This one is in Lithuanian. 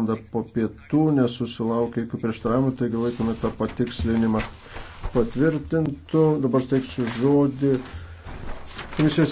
valandą po pietų nesusilaukė jokių prieštaravimų, taigi laikome tą patikslinimą patvirtintų. Dabar steiksiu žodį komisijos